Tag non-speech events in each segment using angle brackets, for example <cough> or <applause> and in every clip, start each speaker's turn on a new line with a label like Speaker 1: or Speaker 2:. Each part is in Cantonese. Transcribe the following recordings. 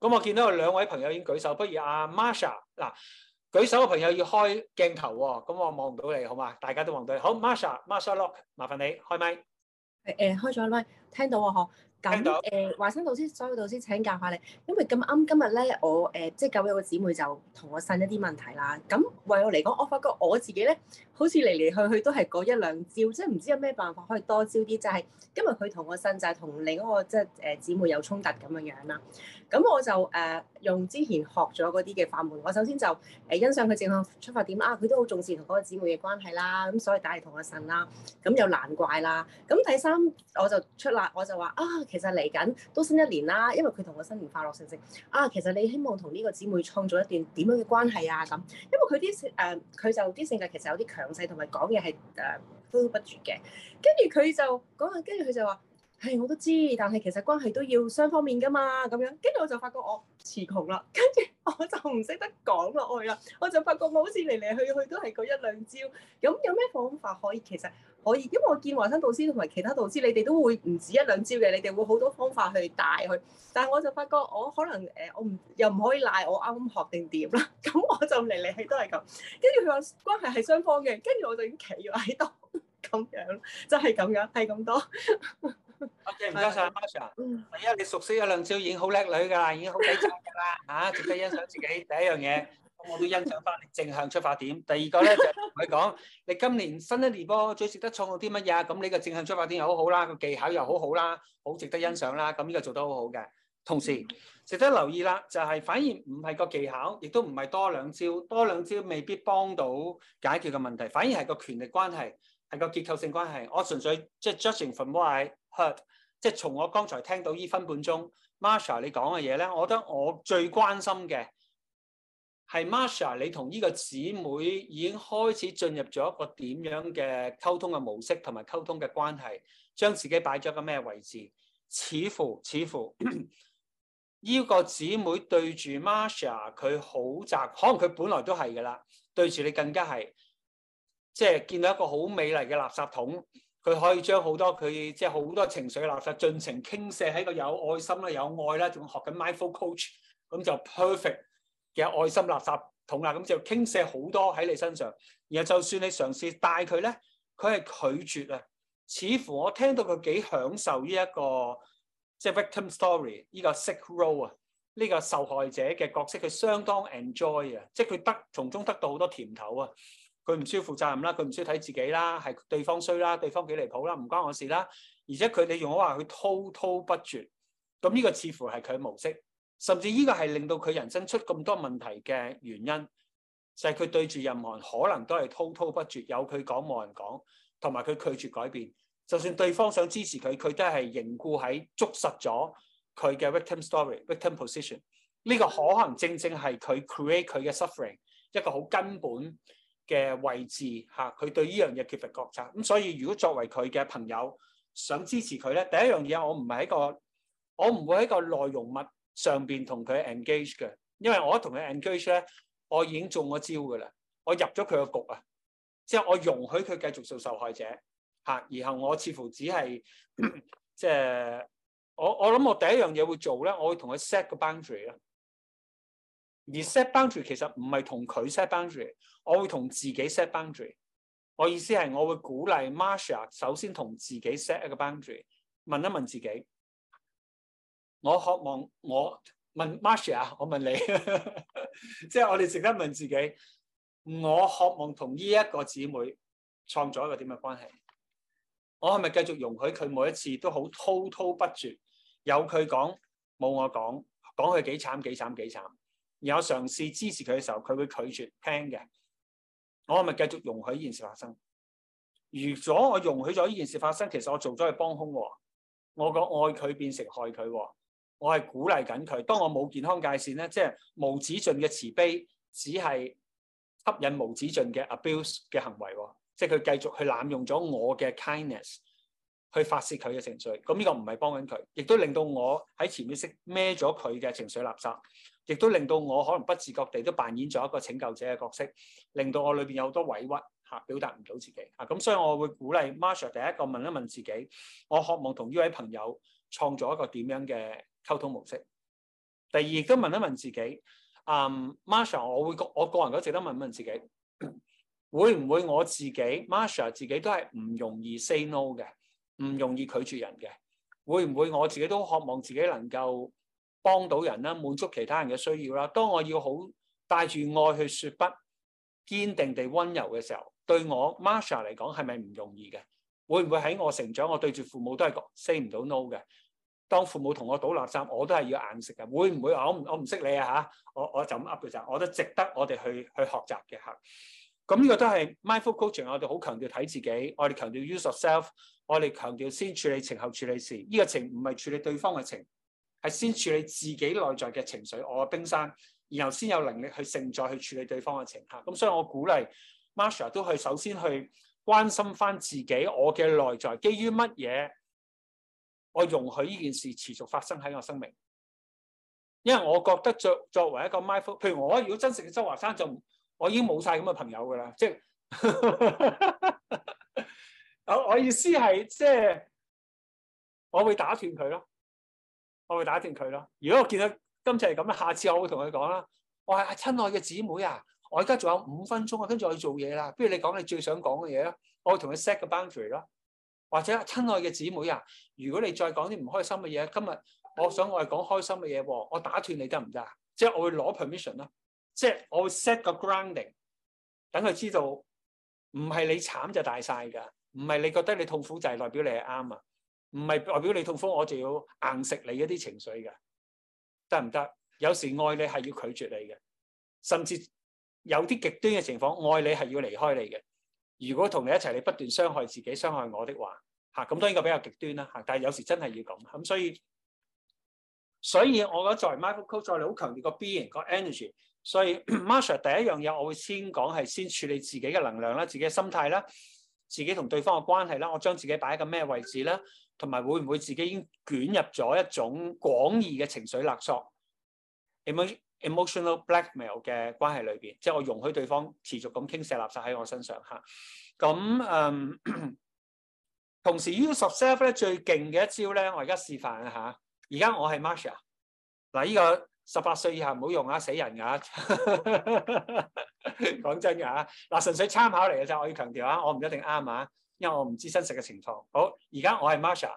Speaker 1: 咁我見到有兩位朋友已經舉手，不如阿 Marsha 嗱舉手嘅朋友要開鏡頭喎、哦，咁我望唔到你好嘛？大家都望到你。好 Marsha，Marsha Lock，麻煩你開咪？
Speaker 2: 誒誒、呃，開咗麥，聽到啊、哦、呵。咁誒華山老師，所有老師請教下你，因為咁啱今日咧，我誒即係教友嘅姊妹就同我呻一啲問題啦。咁為我嚟講，我發覺我自己咧，好似嚟嚟去去都係嗰一兩招，即係唔知有咩辦法可以多招啲。就係今日佢同我呻，就係同另一個即係誒姊妹有衝突咁樣樣啦。咁我就誒、呃、用之前學咗嗰啲嘅法門，我首先就誒欣賞佢正向出發點啊，佢都好重視同嗰個姊妹嘅關係啦。咁所以打嚟同我呻啦，咁又難怪啦。咁第三我就出嚟，我就話啊～其實嚟緊都新一年啦，因為佢同我新年快樂成成啊！其實你希望同呢個姊妹創造一段點樣嘅關係啊？咁，因為佢啲誒佢就啲、呃、性格其實有啲強勢，同埋講嘢係誒滔滔不絕嘅，跟住佢就講，跟住佢就話。係、哎，我都知，但係其實關係都要雙方面噶嘛，咁樣跟住我就發覺我詞窮啦，跟住我就唔識得講落去啦，我就發覺我好似嚟嚟去去都係嗰一兩招，咁有咩方法可以其實可以？因為我見華山導師同埋其他導師，你哋都會唔止一兩招嘅，你哋會好多方法去帶佢。但係我就發覺我可能誒、呃，我唔又唔可以賴我啱啱學定點啦，咁我就嚟嚟去都係咁。跟住佢話關係係雙方嘅，跟住我就已經企咗喺度咁樣，就係、是、咁樣係咁多。
Speaker 1: <laughs> O.K. 唔該曬 Marsha 第一，你熟悉咗兩招，好叻女㗎，已經好抵讚㗎啦。嚇、 <laughs> 啊，值得欣賞自己第一樣嘢，咁我都欣賞翻你正向出發點。第二個咧就同你講，你今年新一年波最值得創造啲乜嘢？咁你個正向出發點又好好啦，個技巧又好好啦，好值得欣賞啦。咁呢個做得好好嘅，同時值得留意啦，就係、是、反而唔係個技巧，亦都唔係多兩招，多兩招未必幫到解決個問題，反而係個權力關係。係個結構性關係。我純粹即係、就是、judging from what I heard，即係從我剛才聽到依分半鐘，Marsha 你講嘅嘢咧，我覺得我最關心嘅係 Marsha 你同呢個姊妹已經開始進入咗一個點樣嘅溝通嘅模式同埋溝通嘅關係，將自己擺咗個咩位置？似乎似乎呢、 <coughs> 呢個姊妹對住 Marsha 佢好窄，可能佢本來都係嘅啦，對住你更加係。即係見到一個好美麗嘅垃圾桶，佢可以將好多佢即係好多情緒嘅垃圾盡情傾瀉喺個有愛心啦、有愛啦，仲學緊 Mindful Coach，咁就 perfect 嘅愛心垃圾桶啦。咁就傾瀉好多喺你身上。然後就算你嘗試帶佢咧，佢係拒絕啊。似乎我聽到佢幾享受呢一個即係 victim story 呢個 sick role 啊，呢個受害者嘅角色，佢相當 enjoy 啊，即係佢得從中得到好多甜頭啊。佢唔需要負責任啦，佢唔需要睇自己啦，係對方衰啦，對方幾離譜啦，唔關我事啦。而且佢哋用我話佢滔滔不絕，咁呢個似乎係佢模式，甚至呢個係令到佢人生出咁多問題嘅原因，就係佢對住任何人可能都係滔滔不絕，有佢講冇人講，同埋佢拒絕改變，就算對方想支持佢，佢都係凝固喺捉實咗佢嘅 victim story，victim position。呢個可能正正係佢 create 佢嘅 suffering 一個好根本嘅位置嚇，佢、啊、對呢樣嘢缺乏覺察，咁、啊、所以如果作為佢嘅朋友，想支持佢咧，第一樣嘢我唔係一個，我唔會喺個內容物上邊同佢 engage 嘅，因為我同佢 engage 咧，我已經中咗招噶啦，我入咗佢個局啊，即係我容許佢繼續做受害者嚇、啊，然後我似乎只係、嗯、即係我我諗我第一樣嘢會做咧，我會同佢 set 個 boundary 咯。而 set boundary 其實唔係同佢 set boundary，我會同自己 set boundary。我意思係我會鼓勵 Marsha 首先同自己 set 一個 boundary，問一問自己。我渴望我問 Marsha，我問你， <laughs> 即係我哋值得問自己。我渴望同呢一個姊妹創造一個點嘅關係？我係咪繼續容許佢每一次都好滔滔不絕？有佢講冇我講，講佢幾慘幾慘幾慘？然後嘗試支持佢嘅時候，佢會拒絕聽嘅。我係咪繼續容許呢件事發生？如果我容許咗呢件事發生，其實我做咗去幫兇。我講愛佢變成害佢，我係鼓勵緊佢。當我冇健康界線咧，即係無止盡嘅慈悲，只係吸引無止盡嘅 abuse 嘅行為。即係佢繼續去濫用咗我嘅 kindness 去發洩佢嘅情緒。咁呢個唔係幫緊佢，亦都令到我喺潛意識孭咗佢嘅情緒垃圾。亦都令到我可能不自覺地都扮演咗一個拯救者嘅角色，令到我裏邊有好多委屈，嚇表達唔到自己，嚇、啊、咁所以我會鼓勵 Marsha 第一個問一問自己，我渴望同呢位朋友創造一個點樣嘅溝通模式。第二亦都問一問自己，啊、嗯、Marsha 我會我個人都值得問問自己，會唔會我自己 Marsha 自己都係唔容易 say no 嘅，唔容易拒絕人嘅，會唔會我自己都渴望自己能夠。幫到人啦，滿足其他人嘅需要啦。當我要好帶住愛去說不，堅定地溫柔嘅時候，對我 Marsha 嚟講係咪唔容易嘅？會唔會喺我成長，我對住父母都係 say 唔到 no 嘅？當父母同我倒垃圾，我都係要硬食嘅。會唔會我我唔識你啊？吓，我我就咁 up 嘅咋？我都值得我哋去去學習嘅吓。咁呢個都係 mindful coaching，我哋好強調睇自己，我哋強調 use of self，我哋強調先處理情後處理事。呢個情唔係處理對方嘅情。係先處理自己內在嘅情緒，我冰山，然後先有能力去承載去處理對方嘅情。嚇，咁所以我鼓勵 Marsha 都去首先去關心翻自己，我嘅內在基於乜嘢？我容許呢件事持續發生喺我生命，因為我覺得作作為一個 m i f u，譬如我如果真誠嘅周華山，就我已經冇晒咁嘅朋友噶啦，即係我 <laughs> 我意思係即係我會打斷佢咯。我會打斷佢咯。如果我見到今次係咁啦，下次我會同佢講啦。我係啊，親愛嘅姊妹啊，我而家仲有五分鐘啊，跟住我要做嘢啦。不如你講你最想講嘅嘢啦。我會同佢 set 個 boundary 啦。或者，親愛嘅姊妹啊，如果你再講啲唔開心嘅嘢，今日我想我係講開心嘅嘢喎。我打斷你得唔得啊？即係我會攞 permission 咯。即係我會 set 個 grounding，等佢知道唔係你慘就大晒㗎。唔係你覺得你痛苦就係代表你係啱啊。唔係代表你痛苦，我就要硬食你嗰啲情緒嘅，得唔得？有時愛你係要拒絕你嘅，甚至有啲極端嘅情況，愛你係要離開你嘅。如果同你一齊，你不斷傷害自己、傷害我的話，吓、啊、咁當然個比較極端啦，吓、啊、但係有時真係要講咁、啊，所以所以我覺得作為 microcode，你好強烈個 B 型個 energy，所以 Masha <coughs> r 第一樣嘢我會先講係先處理自己嘅能量啦，自己嘅心態啦，自己同對方嘅關係啦，我將自己擺喺個咩位置啦？同埋會唔會自己已經捲入咗一種廣義嘅情緒勒索 （emotional blackmail） 嘅關係裏邊，即係我容許對方持續咁傾瀉垃圾喺我身上吓。咁嗯，同時 Use of Self 咧最勁嘅一招咧，我而家示範一下。而家我係 Marsha 嗱，呢個十八歲以下唔好用啊，死人噶、啊。講 <laughs> 真噶、啊，嗱純粹參考嚟嘅啫，我要強調啊，我唔一定啱啊。因為我唔知真實嘅情況，好而家我係 Marsha，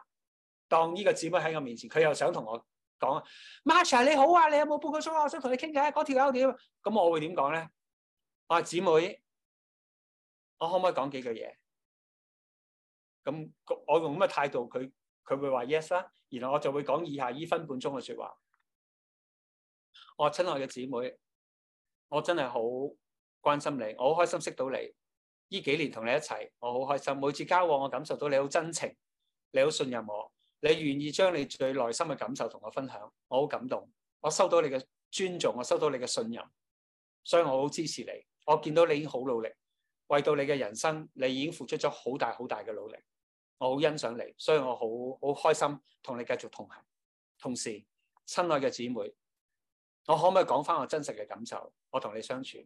Speaker 1: 當呢個姊妹喺我面前，佢又想同我講，Marsha 你好啊，你有冇半個鐘啊？我想同你傾偈啊，嗰條友點？咁我會點講咧？我話姊妹，我可唔可以講幾句嘢？咁我用咁嘅態度，佢佢會話 yes 啦。然後我就會講以下一分半鐘嘅說話。我話親愛嘅姊妹，我真係好關心你，我好開心識到你。呢幾年同你一齊，我好開心。每次交往，我感受到你好真情，你好信任我，你願意將你最內心嘅感受同我分享，我好感動。我收到你嘅尊重，我收到你嘅信任，所以我好支持你。我見到你已經好努力，為到你嘅人生，你已經付出咗好大好大嘅努力，我好欣賞你，所以我好好開心同你繼續同行。同時，親愛嘅姊妹，我可唔可以講翻我真實嘅感受？我同你相處。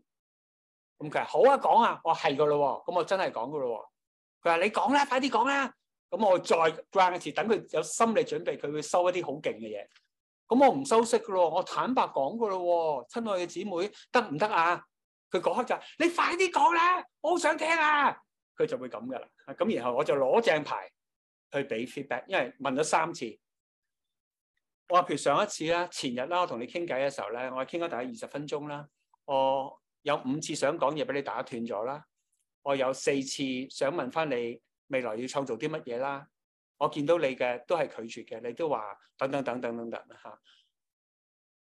Speaker 1: 咁佢話好啊，講啊，我係㗎喇喎，咁我真係講㗎喇喎。佢話你講啦，快啲講啦。咁我再 grant 一次，等佢有心理準備，佢會收一啲好勁嘅嘢。咁我唔修飾㗎喇，我坦白講㗎喇喎，親愛嘅姊妹，得唔得啊？佢講開就係你快啲講啦，我好想聽啊。佢就會咁㗎喇。咁然後我就攞正牌去俾 feedback，因為問咗三次。我話譬如上一次啦，前日啦，我同你傾偈嘅時候咧，我傾咗大概二十分鐘啦，我，有五次想講嘢俾你打斷咗啦，我有四次想問翻你未來要創造啲乜嘢啦，我見到你嘅都係拒絕嘅，你都話等等等等等等吓，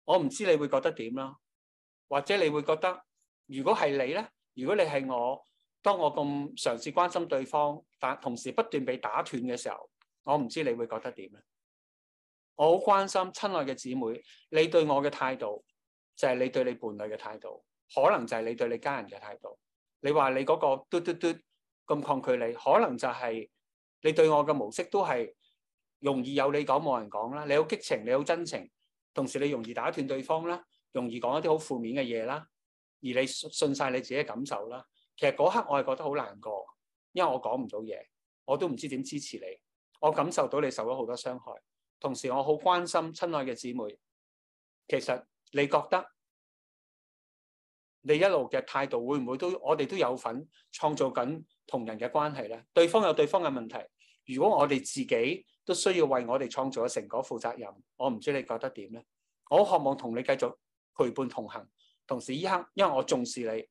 Speaker 1: 我唔知你會覺得點咯，或者你會覺得如果係你咧，如果你係我，當我咁嘗試關心對方，但同時不斷被打斷嘅時候，我唔知你會覺得點咧？我好關心親愛嘅姊妹，你對我嘅態度就係你對你伴侶嘅態度。可能就係你對你家人嘅態度。你話你嗰個嘟嘟嘟咁抗拒你，可能就係你對我嘅模式都係容易有你講冇人講啦。你好激情，你好真情，同時你容易打斷對方啦，容易講一啲好負面嘅嘢啦，而你信晒你自己嘅感受啦。其實嗰刻我係覺得好難過，因為我講唔到嘢，我都唔知點支持你。我感受到你受咗好多傷害，同時我好關心親愛嘅姊妹。其實你覺得？你一路嘅態度會唔會都我哋都有份創造緊同人嘅關係咧？對方有對方嘅問題，如果我哋自己都需要為我哋創造嘅成果負責任，我唔知你覺得點咧？我渴望同你繼續陪伴同行，同時依刻，因為我重視你，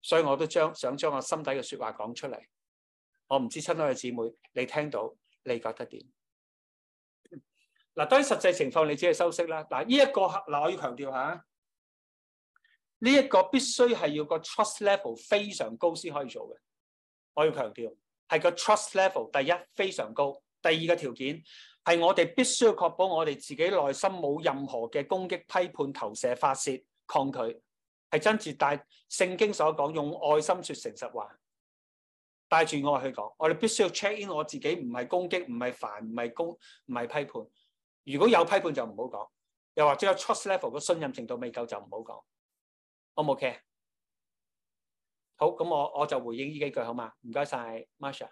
Speaker 1: 所以我都將想將我心底嘅説話講出嚟。我唔知親愛嘅姊妹，你聽到你覺得點？嗱、嗯，當然實際情況，你只係收息啦。嗱，呢一個嗱，我要強調下。呢一個必須係要個 trust level 非常高先可以做嘅，我要強調係個 trust level 第一非常高，第二個條件係我哋必須要確保我哋自己內心冇任何嘅攻擊、批判、投射、發洩、抗拒，係真摯但聖經所講，用愛心說誠實話，帶住我去講。我哋必須要 check in 我自己，唔係攻擊，唔係煩，唔係攻，唔係批判。如果有批判就唔好講，又或者有 trust level 個信任程度未夠就唔好講。我冇 care 好，咁我我就回應呢幾句好嘛？唔該晒。Marsha，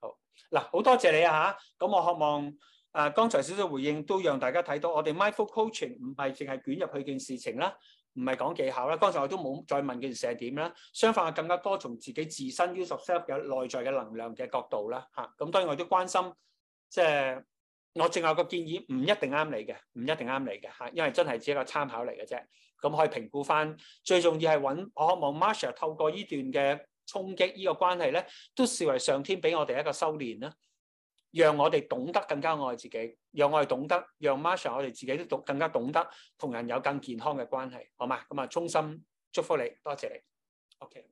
Speaker 1: 好，嗱，好多謝你啊，咁我渴望誒、啊、剛才少少回應都讓大家睇到，我哋 Mindful Coaching 唔係淨係捲入去件事情啦，唔係講技巧啦、啊，剛才我都冇再問件事係點啦，相反係、啊、更加多從自己自身 Use of Self 嘅內在嘅能量嘅角度啦，吓、啊，咁、啊、當然我都關心即係。我淨係個建議，唔一定啱你嘅，唔一定啱你嘅吓，因為真係只係一個參考嚟嘅啫。咁可以評估翻，最重要係搵我，渴望 Marsha 透過呢段嘅衝擊，呢、呢個關係咧，都視為上天俾我哋一個修煉啦，讓我哋懂得更加愛自己，讓我哋懂得，讓 Marsha 我哋自己都懂更加懂得同人有更健康嘅關係，好嘛？咁啊，衷心祝福你，多謝你。OK。